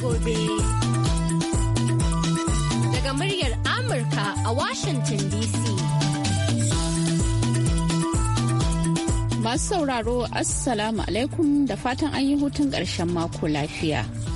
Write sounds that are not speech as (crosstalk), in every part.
gobe. Daga muryar Amurka a Washington DC. Masu sauraro, Assalamu alaikum da fatan an yi hutun ƙarshen mako lafiya.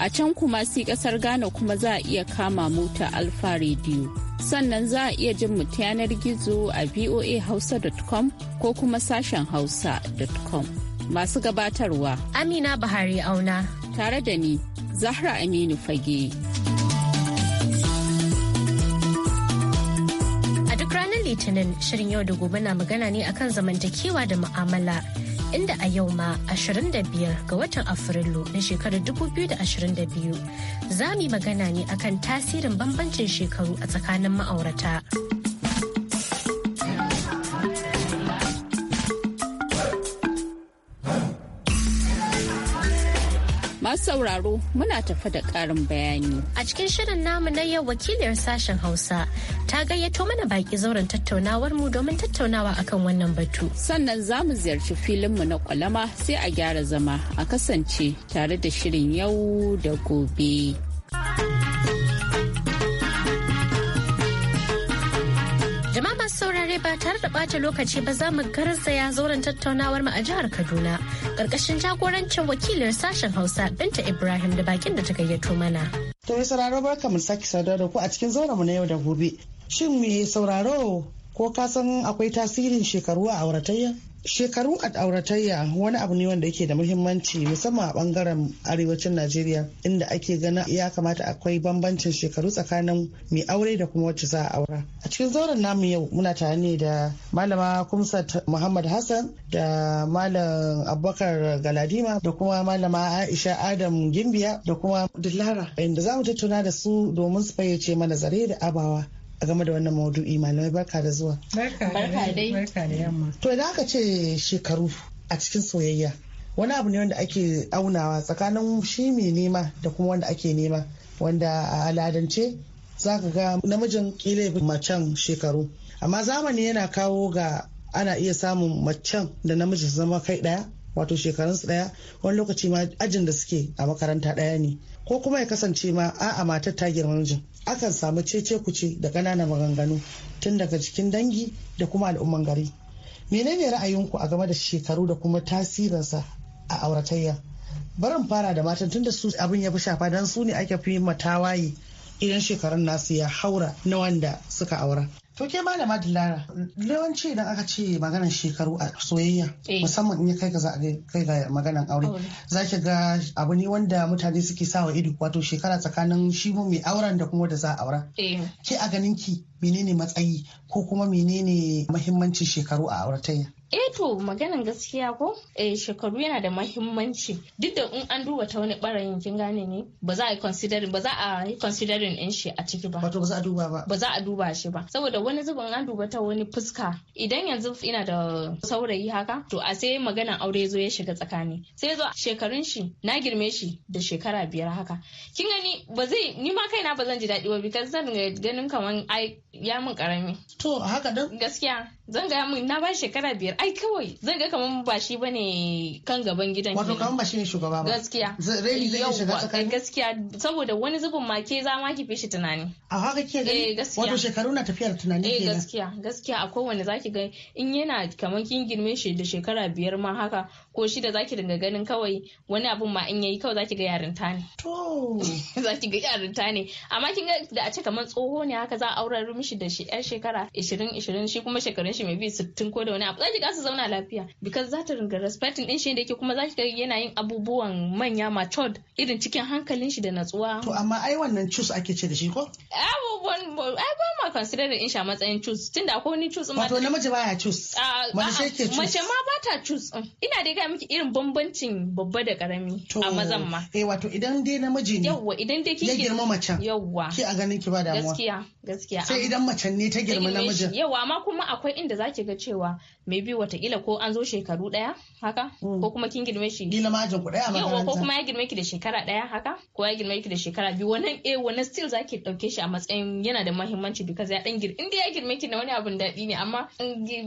A can kuma sai kasar Ghana kuma za a iya kama mota ta Alfa Radio. Sannan za a iya jin mu yanar gizo a voahausa.com ko kuma sashen hausa.com. Masu gabatarwa. Amina Bahari Auna. Tare da ni, Zahra Aminu Fage. A duk ranar Litinin, shirin yau da gobe na magana ne akan zamantakewa da mu'amala. inda a yau ma 25 ga watan afrilu na shekarar 2022 za mu yi magana ne akan tasirin bambancin shekaru a tsakanin ma'aurata. Masu sauraro muna tafa da ƙarin bayani. A cikin shirin namu na yau wakiliyar sashen Hausa ta gayyato mana baki zauren tattaunawar mu domin tattaunawa akan wannan batu. Sannan za mu ziyarci filinmu na kwalama sai a gyara zama a kasance tare da shirin yau da gobe. dare ba tare da ɓata lokaci ba za mu ya zauren tattaunawar mu a jihar Kaduna ƙarƙashin jagorancin wakilin sashen Hausa Binta Ibrahim da bakin da ta gayyato mana. To yi sauraro barka mu sake sadar da ku a cikin zauren mu na yau da gobe. Shin me sauraro ko ka san akwai tasirin shekaru a auratayya? shekarun auratayya wani abu ne wanda yake da muhimmanci musamman a bangaren arewacin najeriya inda ake gana ya kamata akwai bambancin shekaru tsakanin mai aure da kuma wacce za a aura a cikin zauren namu yau muna tare ne da malama kumsat muhammad hassan da malam abubakar galadima da kuma malama aisha adam gimbiya da kuma dillara inda za mu tattauna da su domin su fayyace mana zare da abawa a game da wannan maudu'i malamai barka da zuwa barka da yamma to idan aka ce shekaru a cikin soyayya wani abu ne wanda ake aunawa tsakanin shi mai nema da kuma wanda ake nema wanda a aladance za ka ga namijin kila macen shekaru amma zamani yana kawo ga ana iya samun macen da namiji su zama kai daya wato shekarunsu daya wani lokaci ma ajin da suke a makaranta daya ne ko kuma ya kasance ma a'a matar ta girma namijin akan samu cece kuce da ƙananan maganganu tun daga cikin dangi da kuma al'umman gari menene ra'ayinku a game da shekaru da kuma tasirinsa a auratayya barin fara da matan tun da su abin ya fi shafa don su ne ake fi matawaye idan shekarun nasu ya haura na wanda suka aura To ke malama Dilara, yawanci idan aka ce maganar shekaru a soyayya eh. musamman in ya kai ga kai ga maganar aure, za ki ga abu ne wanda mutane suke sawa ido wato shekara tsakanin shi mu mai auren da kuma da za a aura. Eh. Ke a ganin ki menene matsayi ko kuma menene mahimmancin shekaru a auratayya eh to maganan gaskiya ko eh shekaru yana da mahimmanci duk da in an duba ta wani barayin kin gane ne ba za a yi considering ba za a considering in shi a ciki ba wato ba za a duba ba ba za a duba shi ba saboda wani zubin an duba ta wani fuska idan yanzu ina da saurayi haka to a sai maganan aure zo ya shiga tsakani sai zo shekarun shi na girme shi da shekara biyar haka kin gani ba zai ni ma kaina ba zan ji daɗi ba because zan ganin kaman ai ya mun karami to haka dan gaskiya zan ga mun na ba shekara biyar ai kawai zan ga kamar ba shi bane kan gaban gidan wato kamar ba shi ne shugaba ba gaskiya zai zai shiga tsakani gaskiya saboda wani zubin ma ke za ma ki fi shi tunani a haka ke gani eh, wato shekaru na tafiyar tunani eh gaskiya gaskiya a kowanne zaki ga in yana kamar kin girme shi da shekara biyar ma haka ko shi da zaki dinga ganin kawai wani abun ma in yayi kawai zaki ga yarinta ne to (laughs) zaki ga yarinta ne amma kin ga da a ce kamar tsoho ne haka za a aurar mishi da shi yar shekara 20 20 shi kuma shekarun shi mai bi sittin ko da wani abu za ki su zauna lafiya because za ta ringa respecting din shi da yake kuma za ki ga yana yin abubuwan manya matured irin cikin hankalin shi da natsuwa. To amma ai wannan cus ake ce da shi ko? Abubuwan ai ba ma consider in sha matsayin cus tunda akwai wani cus. Wato namiji baya cus. Ah, mace ke ah, cus. Mace ma ba ta cus. Mm. Ina dai ga miki irin bambancin babba da karami a mazan ma. Eh wato idan dai namiji ne. Yawwa idan dai kike. Ya girma macen. Yawwa. Ki a ganin ki ba damuwa. Gaskiya. gaskiya sai idan macen ne ta girma namijin yawa ma kuma akwai inda zaki ga cewa maybe watakila ko an zo shekaru daya haka mm. ko kuma kin girme shi kila majin ku daya yawa ko kuma ya girme ki da shekara daya haka ko ya girme ki da shekara biyu wannan eh wannan still zaki dauke shi a matsayin yana da muhimmanci because ya dan gir inda ya girme ki na wani abun dadi ne amma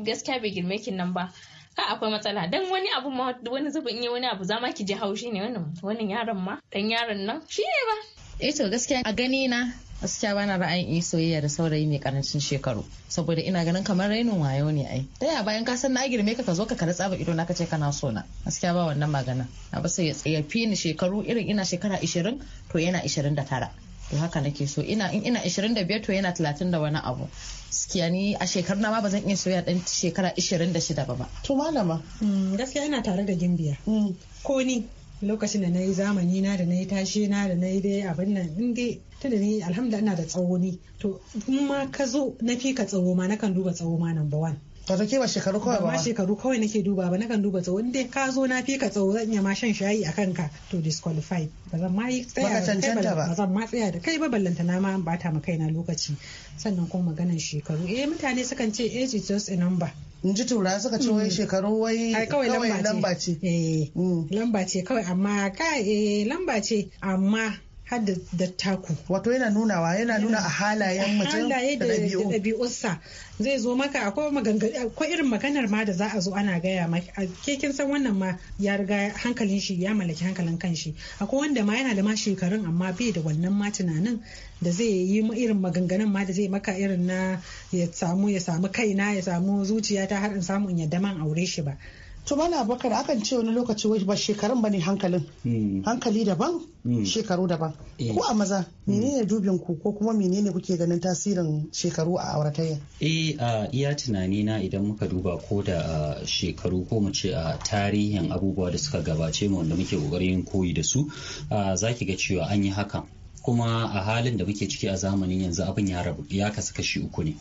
gaskiya bai girme ki nan ba ka akwai matsala dan wani abu ma wani zubin yi wani abu zama ki ji haushi ne wannan wannan yaron ma dan yaron nan shi ne ba eh to gaskiya a gani na gaskiya bana ra'ayin yi soyayya da saurayi mai karancin shekaru saboda ina ganin kamar rainin wayo ne ai da ya bayan ka san na girme ka ka zo ka kada tsaba ido na kace kana so na gaskiya ba wannan magana Na ba sai ya tsayafi ni shekaru irin ina shekara 20 to yana 29 to haka nake so ina in ina 25 to yana 30 da wani abu gaskiya ni a na ma ba zan iya soya dan shekara 26 ba ba to malama mm, gaskiya ina tare da gimbiya mm. ko ni lokacin da na yi zamani na da na yi tashe na da na yi dai abin nan in dai tunda ni alhamdulillah ina da tsawo ni to in ma ka zo na fi ka tsawo ma nakan duba tsawo ma number one wato ke ba shekaru kawai ba ba shekaru kawai nake duba ba nakan duba tsawo dai ka zo na fi ka tsawo zan iya ma shan shayi a kanka to disqualify ba zan ma yi tsaya da kai ba zan ma tsaya da kai ba ballanta na ma bata ma kaina lokaci sannan kuma maganar shekaru eh mutane sukan ce age is just a number in ji tura suka ce wai mm. shekaru wai kawai lamba ce lamba ce eh, mm. kawai amma kai eh, lamba ce amma har da dattaku wato yana nuna wa yana nuna a halayen mutum da ɗabi'unsa zai zo maka akwai irin maganar ma da za a zo ana gaya maka ke kin san wannan ma ya riga hankalin shi ya mallaki hankalin kanshi akwai wanda ma yana da ma shekarun amma bai da wannan ma tunanin da zai yi irin maganganun ma da zai maka irin na ya samu ya samu kaina ya samu zuciya ta har in samu in yadda man aure shi ba to mala bakar akan ce wani lokaci wai ba shekarun bane hankalin hmm. hankali daban hmm. shekaru daban eh. ko a maza hmm. menene dubin ku ko kuma menene kuke ganin tasirin shekaru a auratayya eh a iya tunani na idan muka duba ko da shekaru ko mu ce a tarihin abubuwa da suka gabace mu wanda muke kokarin koyi da su zaki ga cewa an yi hakan kuma a halin da muke ciki a zamanin yanzu abin ya rabu ya kasu kashi uku ne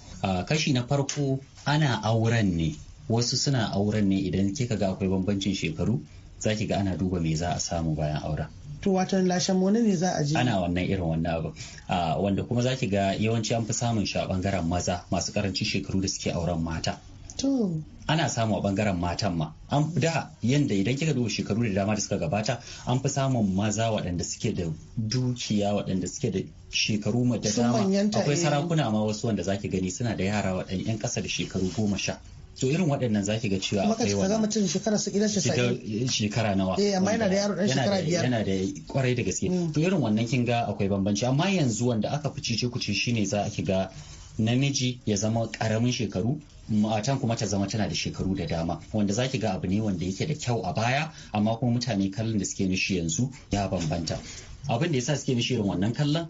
kashi na farko ana auren ne wasu suna auren ne idan kika ga akwai bambancin shekaru za ki ga ana duba me za a samu bayan auren to watan lashen wani ne za a je ana wannan irin wannan abu wanda kuma za ki ga yawanci an fi samun shi a bangaren maza masu karancin shekaru da suke auren mata To. Ana samu a bangaren matan ma. An da yanda idan kika duba shekaru da dama da suka gabata an fi samun maza waɗanda suke da dukiya waɗanda suke da shekaru da dama. Akwai eh. sarakuna ma wasu wanda zaki gani suna da yara waɗanda 'yan ƙasa da shekaru goma sha. so irin waɗannan zaki ga cewa akwai wani kuma mutum shekara su idan shi sai shekara nawa eh amma yana da yaro dan shekara biyar yana da kwarai da gaske mm. to irin wannan kin ga akwai bambanci amma yanzu wanda aka fi cice kuce shine za ki ga namiji ya zama karamin shekaru matan kuma ta zama tana da shekaru da dama wanda zaki ga abu ne wanda yake da kyau a baya amma kuma mutane kallon da suke shi yanzu ya bambanta abin da yasa suke mishi irin wannan kallon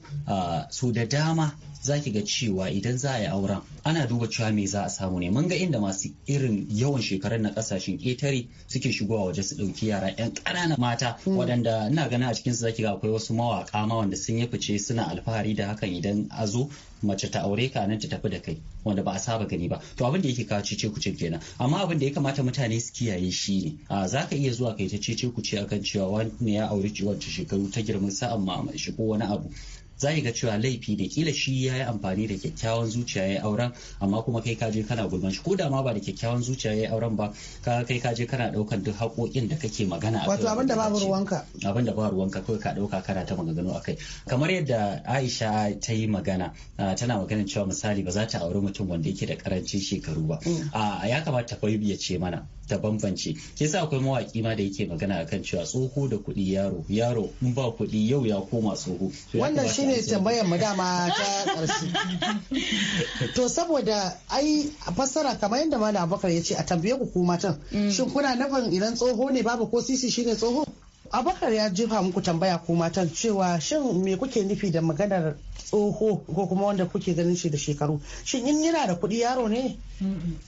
su da dama zaki ga cewa idan za a yi auren ana duba cewa me za a samu ne mun ga inda masu irin yawan shekarun na kasashen ƙetare suke shigowa waje su ɗauki yara 'yan ƙananan mata hmm. waɗanda ina ganin a cikin su zaki ga akwai wasu mawaƙa ma wanda sun yi fice suna alfahari da hakan idan a zo mace ta aure ka nan ta tafi da kai wanda ba a saba gani ba to abin da yake kawo cece kucin kenan amma abin da ya kamata mutane su kiyaye shi ne a za ka iya zuwa kai ta cece kuce akan cewa wani ya aure wacce shekaru ta girman sa, ma shi ko wani abu za ga cewa laifi ne kila shi ya yi amfani da kyakkyawan zuciya ya auren amma kuma kai ka je kana gulman shi ko da ma ba da kyakkyawan zuciya ya yi auren ba ka kai ka je kana daukan duk haƙoƙin da kake magana wato abin da ruwanka abin ba ruwanka kawai ka dauka kana ta maganganu akai kamar yadda Aisha ta yi magana tana maganin cewa misali ba za ta auri mutum wanda yake da karancin shekaru ba mm. ya kamata ta ce mana ta bambance ke sa akwai mawaki ma da yake magana akan cewa tsoho da kuɗi yaro yaro in ba kuɗi yau ya koma tsoho wannan shi ne tambayar mu dama ta ƙarshe to saboda ai fassara kamar yadda malam abubakar ya ce a tambaye ku ku matan mm. shin kuna nufin idan tsoho ne babu ko sisi shine tsoho abubakar ya jefa muku tambaya ko matan cewa shin me kuke nufi da maganar tsoho ko kuma wanda kuke ganin shi da shekaru shin in yana da kuɗi yaro ne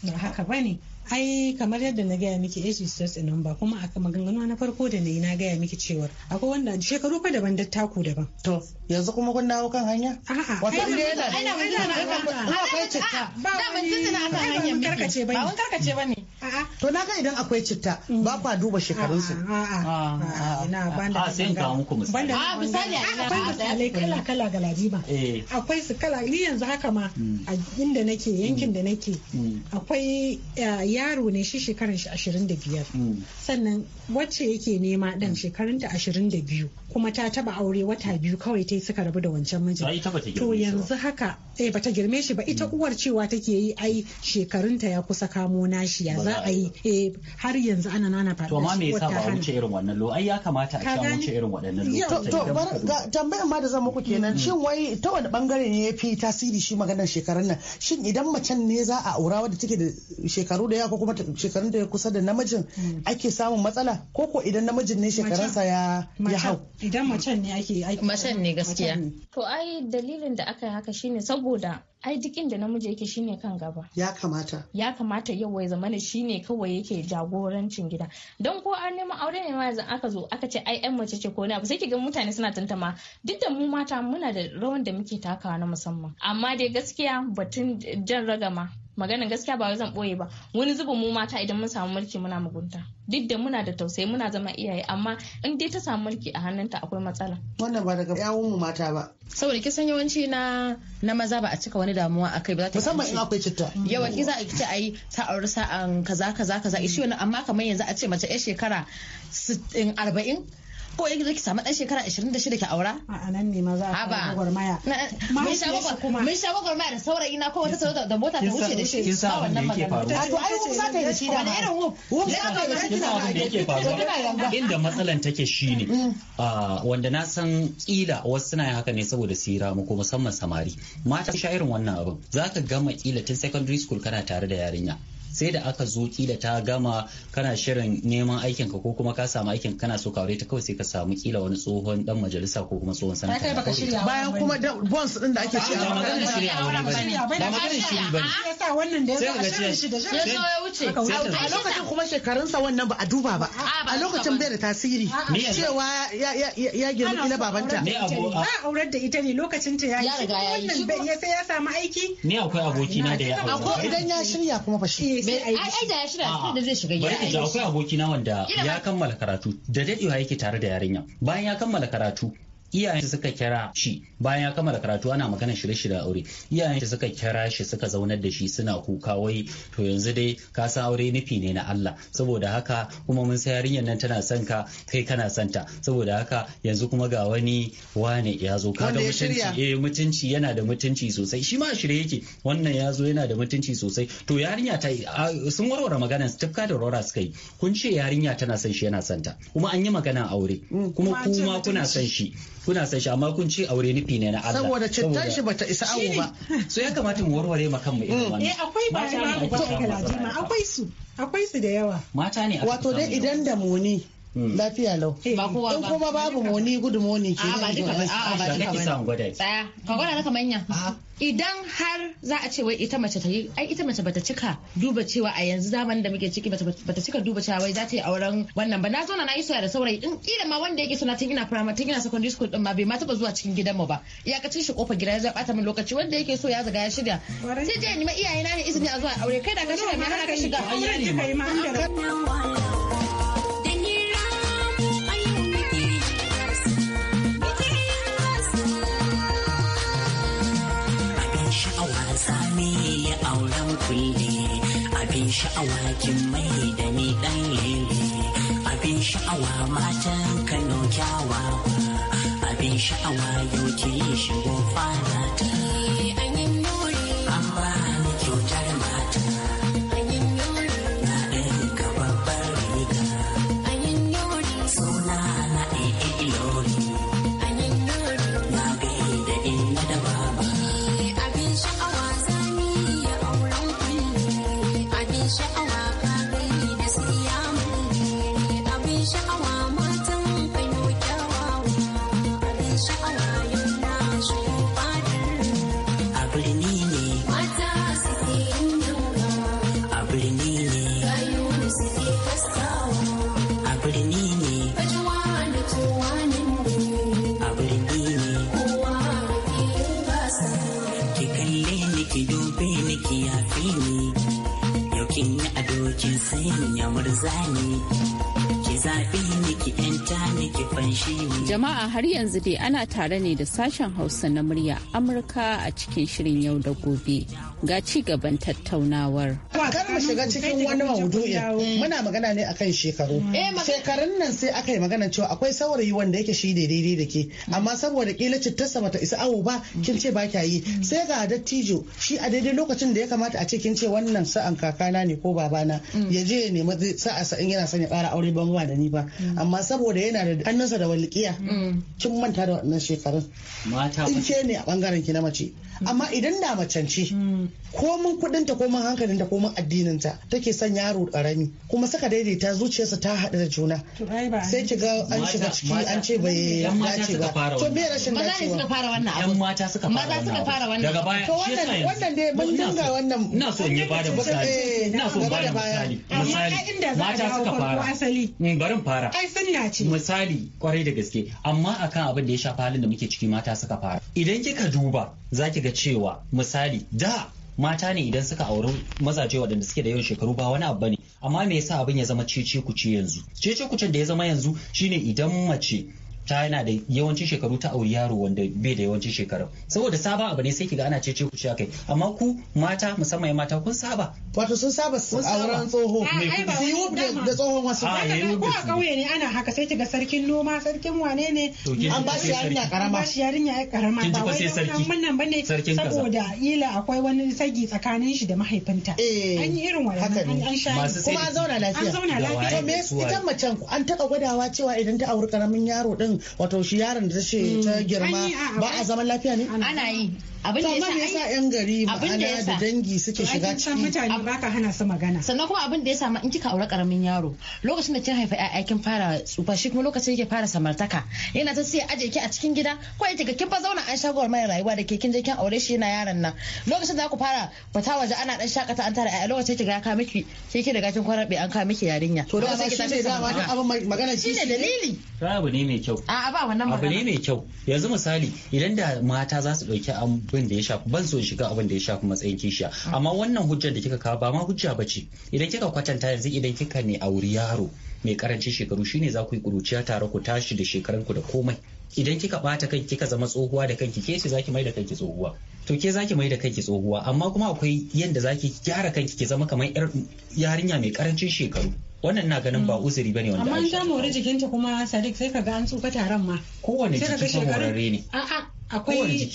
ba haka bane ai kamar yadda na gaya miki age is just a number kuma a maganganu na farko da nayi na gaya miki cewa akwai wanda shekaru fa daban taku daban to yanzu kuma kun dawo kan hanya a'a wato yana da akwai citta ba wani karkace bane ba wani karkace bane To na ga idan akwai citta ba kwa duba shekarunsu. Ah, ah, ah, ina banda sai ga muku misali. A misali akwai misalai kala kala ga eh. Akwai su kala ni yanzu haka ma hmm. a inda nake yankin hmm. da nake hmm. akwai eh, yaro ne shi shekaran shi 25 sannan wacce yake nema dan shekarun ta 22 kuma ta taba aure wata biyu kawai ta suka rabu da wancan mijin. To yanzu haka eh bata girme shi ba ita uwar cewa take yi ai shekarun ta ya kusa kamo nashi ya za a yi eh, har yanzu ana nana faɗa. To ma me yasa ba a wuce irin wannan lo ai ya kamata a sha wuce irin waɗannan lokutan. Tambayar ma da zan muku kenan mm-hmm. shin wai ta wani bangare ne ya fi tasiri shi maganar shekarun nan shin idan macen ne za a aura wadda take da shekaru da yawa ko kuma shekarun da ya kusa da namijin mm. ake samun matsala ko ko idan namijin ne shekarunsa ya ya hau. Idan macen ne ake aiki. Macen ne gaskiya. To ai dalilin da aka yi haka shine saboda ai duk da namiji yake shine kan gaba ya kamata ya kamata yau ya zamana ne kawai yake jagorancin gida don ko an neman aure ne ma yanzu aka zo aka ce ai yan mace ce ko na sai ki ga mutane suna tantama duk da mu mata muna da rawan da muke takawa na musamman amma dai gaskiya batun jan ragama maganan gaskiya ba zan boye ba wani zubin mu mata idan mun samu mulki muna mugunta duk da muna da tausayi muna zama iyaye amma in dai ta samu mulki a hannunta akwai matsala wannan ba daga yawun mu mata ba saboda kisan yawanci na na maza ba a cika wani damuwa akai ba za ta musamman in akwai citta yawan ki za a ce ai ta auri sa'an kaza kaza kaza ishi wani amma kamar yanzu a ce mace yar shekara 40 ko yanzu zaki samu dan shekara 26 ki aura a nan ne maza a fara gwagwarmaya eh, mun sha gwagwarmaya mun sha da saurayi na ko wata saurayi da mota ta wuce da shi ba wannan magana to ai wuf za ta yi shi da irin wu wu za ta yi shi da yake faru? inda matsalan take shine mm. ah, wanda na san kila wasu suna yin haka ne saboda sira mu ko musamman samari mata sha irin wannan abin zaka gama kila tun secondary school kana tare da yarinya sai da aka zo kila ta gama kana shirin neman aikin ka ko kuma ka samu aikin kana so ka aure ta kawai sai ka samu kila wani tsohon dan majalisa ko kuma tsohon sanata bayan kuma bonds din da ake ci ba maganar shirya aure ba ba maganar shiri ba yasa wannan da ya shirin shi da shirin ya wuce a lokacin kuma shekarunsa wannan ba a duba ba a lokacin bai da tasiri cewa ya girma kila babanta a aurar da ita ne lokacin ta ya yi wannan ya sai ya samu aiki ni akwai abokina da ya aure idan ya shirya kuma ba shi eh, sai ai da ya shiga da zai shiga gida ai akwai aboki na wanda ya kammala karatu da daɗewa yake tare da yarinya bayan ya kammala karatu iyayen suka kira shi bayan ya kammala karatu ana magana shirye-shirye aure iyayen shi suka kira shi suka zaunar da shi suna kuka wai to yanzu dai ka san aure nufi ne na Allah saboda haka kuma mun sai yarinyar nan tana son ka kai kana son ta saboda haka yanzu kuma ga wani wane ya zo ka mutunci eh mutunci yana da mutunci sosai shi ma shirye yake wannan ya zo yana da mutunci sosai to yarinya ta sun warware maganar tafka da rora suka yi kun ce yarinya tana son shi yana son ta kuma an yi magana aure mm, kuma kuma kuna son shi kuna san shi amma kun ce aure nufi ne na Allah saboda cittan shi bata isa awo ba so ya kamata mu warware ma kanmu irin mm. wannan eh akwai ba akwai su akwai su da yawa mata ne wato dai idan da muni lafiya lau ba ba kuma babu moni good morning ke ba duka ba ba duka ba tsaya ka gwada naka manya idan har za a ce wai ita mace ta yi ai ita mace bata cika duba cewa a yanzu zamanin da muke ciki bata cika duba cewa wai za ta yi auren wannan ba na zauna na yi soyayya da saurayi in kila ma wanda yake suna tun ina primary tun ina secondary school din ma bai ma taba zuwa cikin gidan mu ba iyakacin shi kofar gida ya zaba ta min lokaci wanda yake so ya zaga ya shirya sai je ni ma iyayena ne izini a zuwa aure kai da ka ma har ka shiga aure ne ma sha'awa kin mai da ni dan lele abin sha'awa matan Kano kyawawa abin sha'awa yau ki shigo fara ta zani ki zaɓi jama'a har yanzu dai ana tare ne da sashen hausa na murya amurka a cikin shirin yau da gobe ga ci gaban tattaunawar kar mu shiga cikin wani maudu'i muna magana ne akan shekaru mm. eh, shekarun nan sai aka yi magana cewa akwai saurayi wanda yake shi daidai da ke mm. amma saboda kila cittarsa bata isa awo ba mm. kin ce ba kya yi sai ga dattijo shi a daidai lokacin da ya kamata a ce kin ce wannan sa'an kakana ne ko babana ya je ya nemi sa'a sa'in yana sanya ya aure ban da ni ba amma saboda yana da hannunsa da walƙiya mm. kin manta da wannan shekarun in ce ne a bangaren ki na mace mm. amma idan da macen ce mm. komin kudin ta komin hankalin ta komin addinin ta take son yaro karami kuma saka daidaita zuciyarsa ta haɗu da juna sai ki ga an shiga ciki an ce bai dace ba to me rashin dacewa suka fara wannan abu mata suka fara wannan daga baya to wannan wannan dai mun dinga wannan ina so in yi bada misali ina so bada misali misali mata suka fara asali barin fara ai sunna ce misali kwarai da gaske amma akan abin da ya shafi halin da muke ciki mata suka fara idan kika duba za ki ga cewa misali da mata ne idan suka auri mazaje waɗanda suke da yawan shekaru ba wani abu bane amma me yasa abin ya zama cece kuce yanzu cece kucen da ya zama yanzu shine idan mace ta yana da yawancin shekaru ta auri yaro wanda bai da yawancin shekaru saboda saba abu ne sai kiga ana cece ku kai amma ku mata musamman ya mata kun saba wato sun saba auren tsoho mai da tsohon wasu ko a kauye ne ana haka sai kiga sarkin noma sarkin wane ne an ba shi yarinya karama ba shi yarinya karama ba wai wannan bane saboda ila akwai wani sagi tsakanin shi da mahaifinta eh, an yi irin wannan an sha kuma an zauna lafiya an zauna lafiya to me ita macen an taba gwadawa cewa idan ta auri karamin yaro din wato shi yaron da ta ce ta mm. girma ba a zaman lafiya ne ana yi abin da sa yan gari ma'ana da dangi suke shiga ciki mutane baka hana su magana sannan kuma abin da ya samu in kika aure karamin yaro lokacin da kin haifa ƴaƴa kin fara tsufa shi kuma lokacin yake fara samartaka yana ta sai aje ki a cikin gida ko yake ga kin fa zauna an shagowar mai rayuwa da ke kin je kin aure shi yana yaron nan lokacin da ku fara fita waje ana dan shakata an tara ƴaƴa lokacin yake ya ka miki sai ki riga kin kwarabe an ka miki yarinya to lokacin ki tashi da abin magana shi ne dalili abu ne mai kyau a ba wannan magana abu ne mai kyau yanzu misali idan da mata za su dauki abin da ya shafi ban so shiga abin da ya shafi matsayin kishiya amma wannan hujjar da kika kawo ba ma hujja ba ce idan kika kwatanta yanzu idan kika ne auri yaro mai karancin shekaru shine za ku yi kuruciya tare ku tashi da ku da komai idan kika bata kanki kika zama tsohuwa da kanki ke ce zaki mai da kanki tsohuwa to ke zaki mai da kanki tsohuwa amma kuma akwai yanda zaki gyara kanki ki zama kamar yar yarinya mai karancin shekaru wannan na ganin ba uzuri bane wanda amma an ta mori jikinta kuma Sadiq sai ga an tsufa taron ma kowanne jiki ne akwai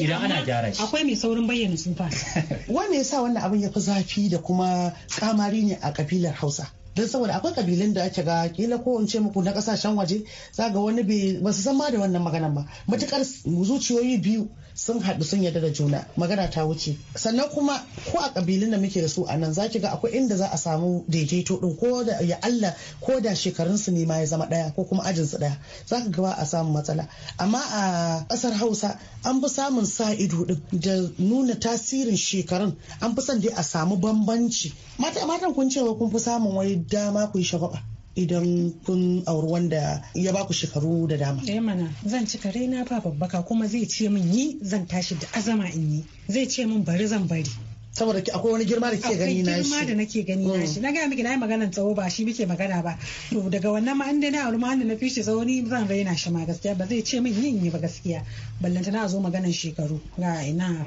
idan ana gyara shi akwai mai saurin bayyana tsufa (laughs) wannan yasa wannan abin ya fi zafi da kuma kamari ne a kabilar Hausa don saboda akwai kabilun da ake ga kila ko in ce muku na kasashen waje za ga wani ba su ma da wannan maganan ba matukar zuciyoyi biyu sun haɗu sun yarda da juna magana ta wuce sannan kuma ko a kabilun da muke da su anan nan za ki ga akwai inda za a samu daidaito din ko da ya Allah ko da shekarun su ne ma ya zama ɗaya ko kuma ajin su ɗaya za ka ga ba a samu matsala amma a kasar Hausa an fi samun sa ido din da nuna tasirin shekarun an fi son dai a samu bambanci matan kun cewa kun fi samun wani dama ku yi shagaba idan kun auri wanda ya baku shekaru da dama. Eh mana zan ci kare na ba babbaka kuma zai ce min yi zan tashi da azama in yi zai ce min bari zan bari. saboda akwai wani girma da ke gani na shi girma da nake gani na shi mm. na gaya miki na yi maganar tsawo ba shi muke magana ba to daga wannan ma inda na auri ma na shi tsawo ni zan raina shi ma gaskiya ba zai ce min yin yi ba gaskiya ballanta na zo maganan shekaru ga ina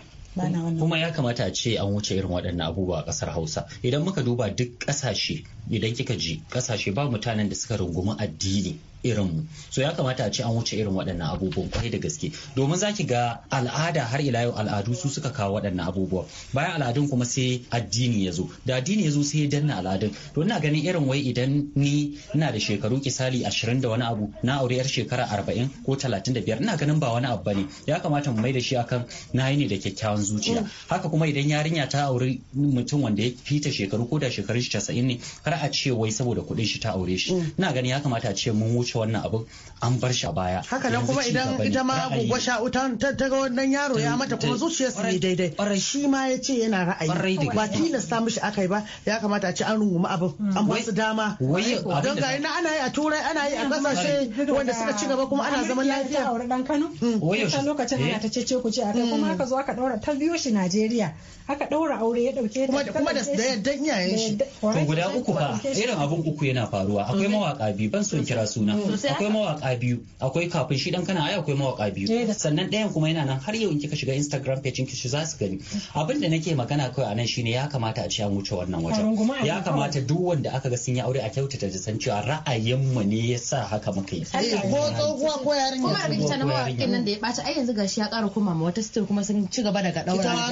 kuma ya kamata a ce an wuce irin waɗannan abubuwa a ƙasar hausa idan muka duba duk ƙasashe idan kika ji ƙasashe ba mutanen da suka rungumi addini irinmu so ya kamata a ce an wuce irin waɗannan abubuwan kwarai da gaske domin za ki ga al'ada har ila yau al'adu su suka kawo waɗannan abubuwa bayan al'adun kuma sai addini ya zo da addini ya zo sai ya danna al'adun to ina ganin irin wai idan ni ina da shekaru kisali ashirin da wani abu na aure yar shekara arba'in ko talatin da biyar ina ganin ba wani abu bane ya kamata mu mai da shi akan na yi ne da kyakkyawan zuciya mm. haka kuma idan yarinya ta auri mutum wanda ya fita shekaru ko da shekarun shi casa'in ne kar a ce wai saboda kuɗin shi ta aure shi mm. ina ganin ya kamata a ce mun wuce wuce wannan abu an bar shi a baya haka nan kuma idan ita ma gogo uta ta ga wannan yaro ya mata kuma zuciyar su ne daidai shi ma ya ce yana ra'ayi ba tilasta mishi akai ba ya kamata a ci an rungumi abin hmm. an ba su dama don ga ina ana yi a turai ana yi a kasashe wanda suka ci gaba kuma ana zaman lafiya Wani dan Kano hmm. wata lokacin ana eh? ta cece ku ce kai kuma hmm. aka zo aka daura ta biyo shi Najeriya aka daura aure ya dauke ta kuma da yaddan iyayen shi to guda uku fa irin abun uku yana faruwa akwai mawaka bi ban son kira suna akwai mawaka biyu akwai kafin shi dan kana ai akwai mawaka biyu eh, sannan ɗayan kuma yana nan har yau in kika shiga Instagram page ki za su gani abin da nake magana kai a nan shine ya kamata a ci an wuce wannan wajen ya kamata duk wanda aka ga sun yi aure a kyautata da san cewa ra'ayin mu ne yasa haka muka yi ko tsohuwa ko yarinya kuma abin ta na mawakin nan da ya bata ai yanzu gashi ya ƙara koma ma wata sitir kuma sun ci gaba daga daura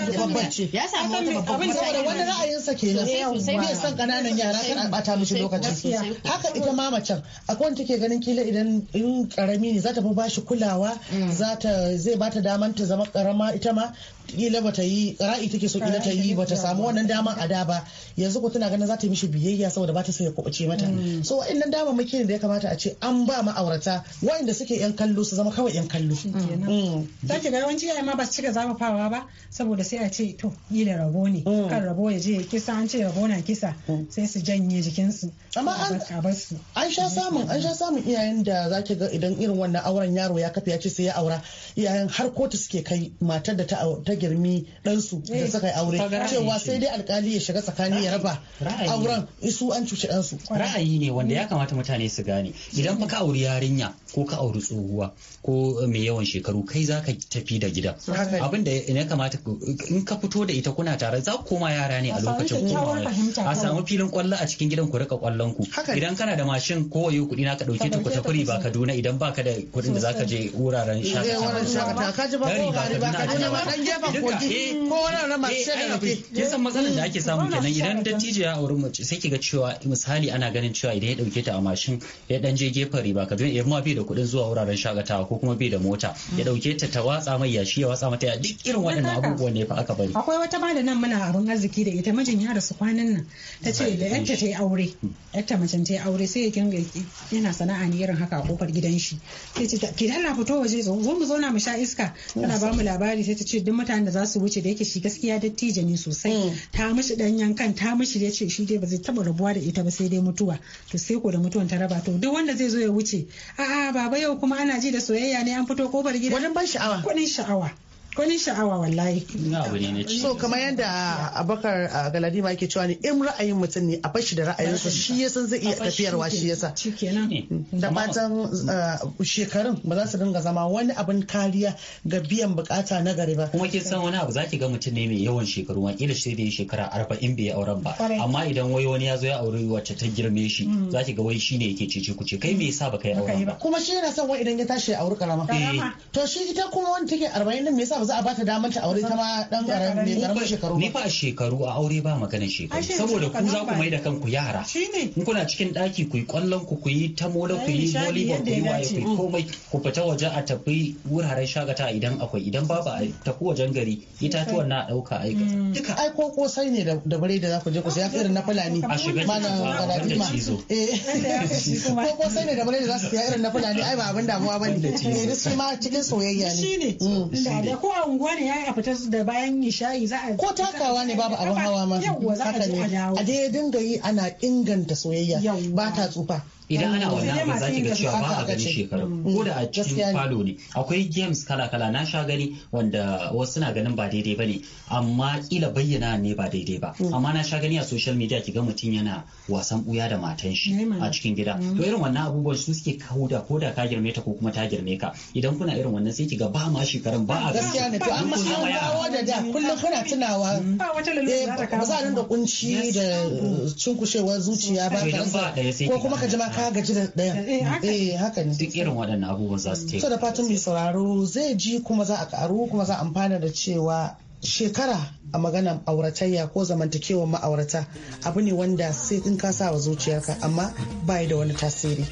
ya samu wata babban matsayi wani ra'ayinsa kenan sai ya san kananan yara kan a bata musu lokacin haka ita ma macen akwai wanda take ganin kila idan in karami ne za ta fi bashi kulawa mm. za ta zai bata daman ta zama karama ita ma kila bata yi ra'ayi take so kila ta yi bata samu wannan daman a da ba yanzu ko tana ganin za ta yi mishi biyayya saboda ba ta so ya kubuce mata mm. so wa'annan dama muke ne da ya kamata a ce an ba ma'aurata wa'anda suke yan kallo su zama kawai yan kallo mm. za ki ga yawanci yayin ma ba su cika zafafawa ba saboda sai a ce to kila rabo ne kan rabo ya je kisa an ce rabo na kisa sai su janye jikinsu amma an sha samun an sha samun iyayen da za ki ga idan irin wannan auren yaro ya kafa ya ce sai ya aura iyayen har kotu suke kai matar da ta girmi ɗansu da eh, suka yi aure cewa sai dai alkali ya shiga tsakani ya raba auren su an cuci ɗansu. Ra'ayi ne wanda ya kamata mutane su gane idan ka auri yarinya ko ka auri tsohuwa ko mai yawan shekaru kai za ka tafi da gida Abin da ya kamata in ka fito da ita kuna tare za ku koma yara ne a lokacin kuma a samu filin kwallo a cikin gidan ku rika kwallon ku idan kana da mashin ko wayo kuɗi na ka ɗauki je tukuta kuri ba Kaduna idan baka da kuɗin da zaka je eh, wuraren shakatawa ka ji ba ko ba Kaduna ba dan gefen eh, eh, kisan matsalar da ake samu kenan idan dattijo ya auri mace sai kiga cewa misali ana ganin cewa idan ya dauke ta a mashin ya dan je gefen riba Kaduna idan ma bai da kuɗin zuwa wuraren shakatawa ko kuma bai da mota ya dauke ta ta watsa mai yashi ya watsa mata ya duk irin waɗannan abubuwan ne fa aka bari akwai wata ma da nan muna abun arziki da ita mijin ya rasu kwanan nan ta ce da yanta ta yi aure hmm. yanta macen ta yi aure sai ya kinga yana sana'a hanirin haka a kofar gidan shi sai ce ki dalla fito waje zo mu zauna mu sha iska tana ba mu labari sai ta ce duk mutanen da za su wuce da yake shi gaskiya dattijo ne sosai mm. ta mishi dan yankan ta mishi ya ce shi dai ba zai taba rabuwa da ita ba sai dai mutuwa to sai ko da mutuwan ta raba to duk wanda zai zo ya wuce a'a baba yau kuma ana ji da soyayya ne an fito kofar gida wani ban sha'awa sha'awa Kwani sha'awa wallahi so kamar yadda abakar uh, galadima yake cewa ne in ra'ayin mutum ne a fashi da ra'ayin ra'ayinsa shi ya san zai iya tafiyarwa shi yasa eh, da fatan uh, shekarun ba za su dinga zama wani abin kariya ga biyan bukata na gari ba kuma kin san wani abu zaki ga mutum ne mai yawan shekaru ma kila sai da ya shekara arba'in bai auren ba amma idan wai wani ya zo ya aure wacce ta girme shi mm. zaki ga wai ne yake cece kuce kai me yasa baka yi auren ba kuma shi yana son wai idan ya tashi ya auri karama to shi ita kuma wani take arba'in nan me yasa ba za a bata damar ta aure ta ma dan karamin karamin shekaru ni fa a shekaru a aure ba maganar shekaru saboda ku za ku mai da kanku yara in kuna cikin daki ku yi kwallon ku ku yi ta mola ku yi volleyball ku yi waye ku komai ku fita waje a tafi wuraren shagata idan akwai idan babu a tafi wajen gari itatuwan na dauka aika mm. duka ai ko sai ne da bare da za ku je ku sai irin na fulani a shiga cikin cizo eh. ko sai ne da bare da za su siya irin na fulani ai ba abin damuwa bane ne eh, shi ma cikin soyayya ne shine mm. da ko ko unguwa ne yayi a fita da bayan nishayi za a ko takawa ne babu abin hawa ma haka ne a dai dinga yi ana inganta soyayya ba ta tsufa idan ana eh, wannan abin za ki ga cewa ba a gani shekaru mm. ko da a cikin falo ne akwai games kala kala na sha gani wanda wasu na ganin ba daidai ba ne amma kila bayyana ne ba daidai ba mm. amma na sha gani a social media ki ga mutum yana wasan buya da matan shi a cikin gida mm. to irin wannan abubuwan su suke kauda ko da ka girme ta ko kuma ta girme ka idan kuna irin wannan sai ki ga ba ma shekarun ba a gaskiya ne to amma an dawo da da kullum kuna tunawa ba wata lalura eh, za a dinga kunci da cunkushewar zuciya ba ko kuma ka ji ma ka gaji da ɗayan eh, eh, eh haka ne duk irin waɗannan abubuwan za su ke so da fatan mai sauraro zai ji kuma za a karu kuma za a amfana da cewa shekara a maganar auratayya ko zamantakewar ma'aurata abu ne wanda sai in ka sa wa zuciyarka amma bai da wani tasiri.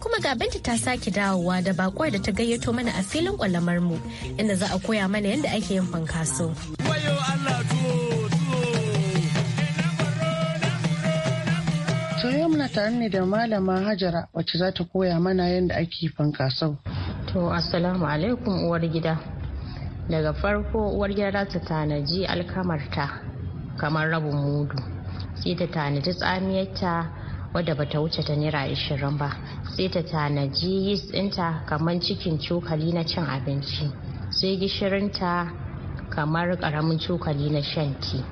kuma ga binta ta sake dawowa da bakwar da ta gayyato mana a filin kwalamar mu inda za a koya mana yadda ake yin fankaso. To yau muna tare ne da malama Hajara wacce za ta koya mana yadda ake fankaso. To assalamu alaikum uwar gida. Daga farko uwar gida za ta tanaji alkamarta kamar rabin mudu. Sai ta tanaji tsamiyarta wadda bata wuce ta naira ashirin ba sai ta tanaji yis ɗinta kamar cikin cokali na cin abinci sai gishirinta kamar karamin cokali na shan ti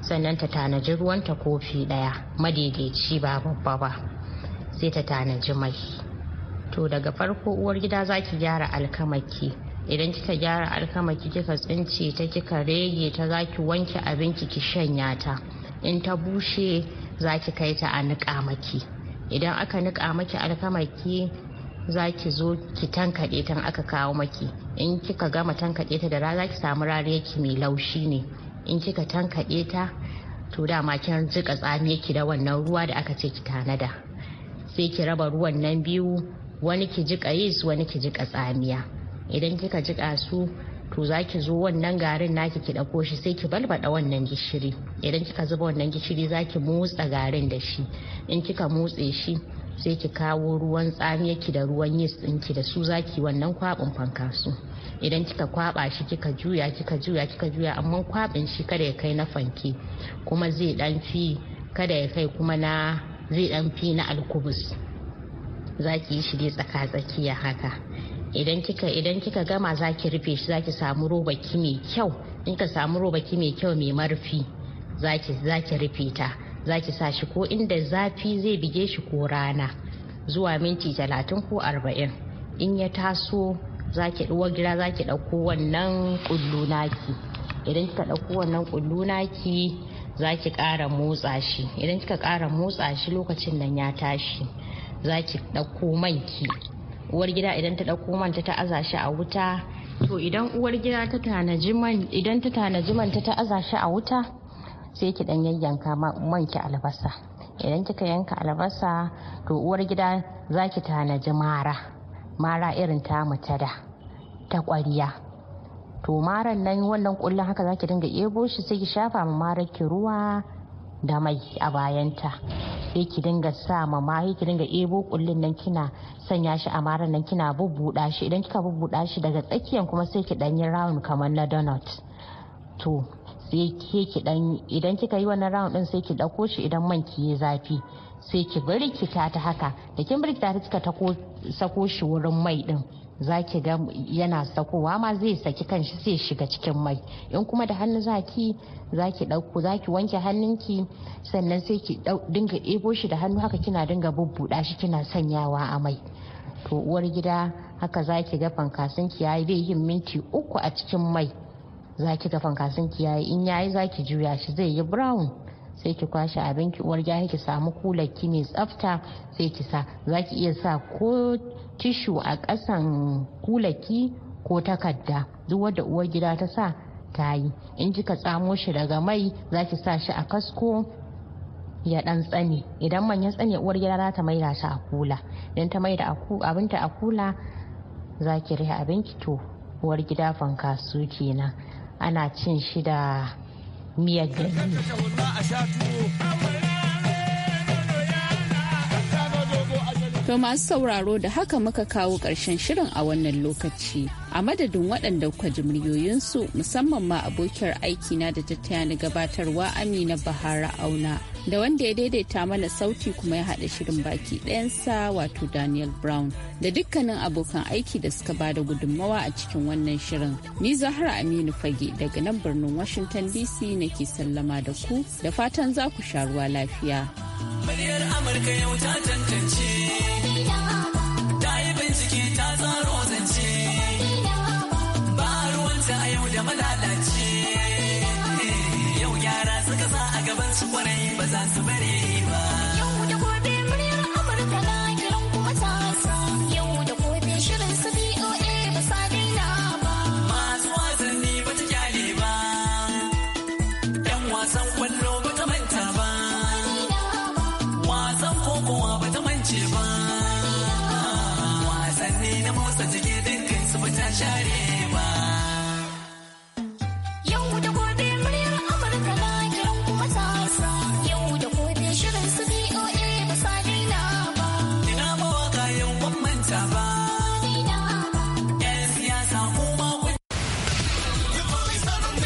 sannan ta tanaji ruwanta kofi ɗaya madaidaici ba babba ba sai ta tanaji mai to daga farko uwar gida za ki gyara alkamaki idan kika gyara alkamaki kika tsince ta kika rege ta za ki wanke abinki ki shanya ta in ta bushe za ki kai ta a niƙa maki idan aka niƙa maki alkamaki za ki zo ki tankaɗe ta aka kawo maki in kika gama tankaɗe ta da rana ki samu rariyarki mai laushi ne in kika tankaɗe ta to dama kin jika ki da wannan ruwa da aka ce ki tanada sai ki raba ruwan nan biyu wani ki jika yis wani ki jika tsamiya idan kika jiƙa su to za ki zo wannan garin naki ki ɗauko shi sai ki balbaɗa wannan gishiri idan kika zuba wannan gishiri za ki motsa garin da shi in kika motse shi sai ki kawo ruwan tsamiyarki da ruwan yis ɗinki da su zaki wannan kwaɓin fankaso idan kika kwaɓa shi kika juya kika juya kika juya amma kwaɓin shi kada ya kai na fanke kuma zai ɗan fi kada ya kai kuma na zai ɗan fi na alkubus za ki yi shi dai tsaka-tsakiya haka idan kika idan kika gama zaki rufe shi zaki samu roba ki mai kyau in ka samu roba ki mai kyau mai marfi zaki ki rufe ta zaki sa shi ko inda zafi zai bige shi ko rana zuwa minti talatin ko arba'in in ya taso zaki ɗuwa gira zaki ɗauko wannan ƙullu naki idan kika ɗauko wannan ƙullu naki zaki ƙara motsa shi idan kika ƙara motsa shi lokacin nan ya tashi zaki ɗauko manki uwar gida idan ta ɗauko manta ta aza shi a wuta to idan uwar gida ta tanaji man idan ta tanaji man ta aza shi a wuta sai ki dan yayyanka man ki albasa idan kika yanka albasa to uwar gida za ki tanaji mara mara irin ta mace da ta ƙwariya to maran nan wannan kullun haka za ki dinga ebo shi sai ki shafa ma marar ki ruwa da mai a bayanta sai ki dinga sa ma ma ki dinga ebo kullin nan kina sanya shi a maran nan kina bubbuda shi idan kika bubbuda shi daga tsakiyan kuma sai ki dan yi round kamar na donut to sai ke ki dan idan kika yi wannan round din sai ki dauko shi idan man ki yi zafi sai ki ki ta haka da kin ki ta kika sako shi wurin mai din za ki ga yana sakowa ma zai saki kanshi zai shiga cikin mai in kuma da hannu zaki zaki dauko zaki wanke hannunki sannan sai ki dinga ɗebo shi da hannu haka kina dinga bubbuɗa shi kina sanyawa a mai to uwar gida haka zaki ga fankasin ki yayi bai yin minti uku a cikin mai zaki ga fankasin ki yayi in yayi zaki juya shi zai yi brown sai ki kwashe abin ki uwar ki samu kulaki ki mai tsafta sai ki sa za ki iya sa ko tishu a ƙasan kulaki ko takarda duk wadda uwar gida ta sa ta yi in kika tsamo shi daga mai za ki sa shi a kasko ya dan tsane idan manyan tsane uwar gida za ta maida shi a kula idan ta maida abinta a kula za ki rihe abinki to uwar gida fanka su kenan ana cin shi da miyar ganye. To masu sauraro da haka muka kawo ƙarshen shirin a wannan lokaci. A madadin waɗanda kwa ji muryoyinsu musamman ma abokiyar aikina da ta taya gabatarwa Amina Bahara Auna. da wanda ya daidaita mana sauti kuma ya haɗa shirin baki ɗayansa wato Daniel Brown da dukkanin abokan aiki da suka ba da gudunmawa a cikin wannan shirin. Ni Zahra Aminu Fage daga nan birnin Washington DC nake sallama da ku da fatan za ku sha ruwa lafiya. yau gyara suka a gaban kwarai. as I survive.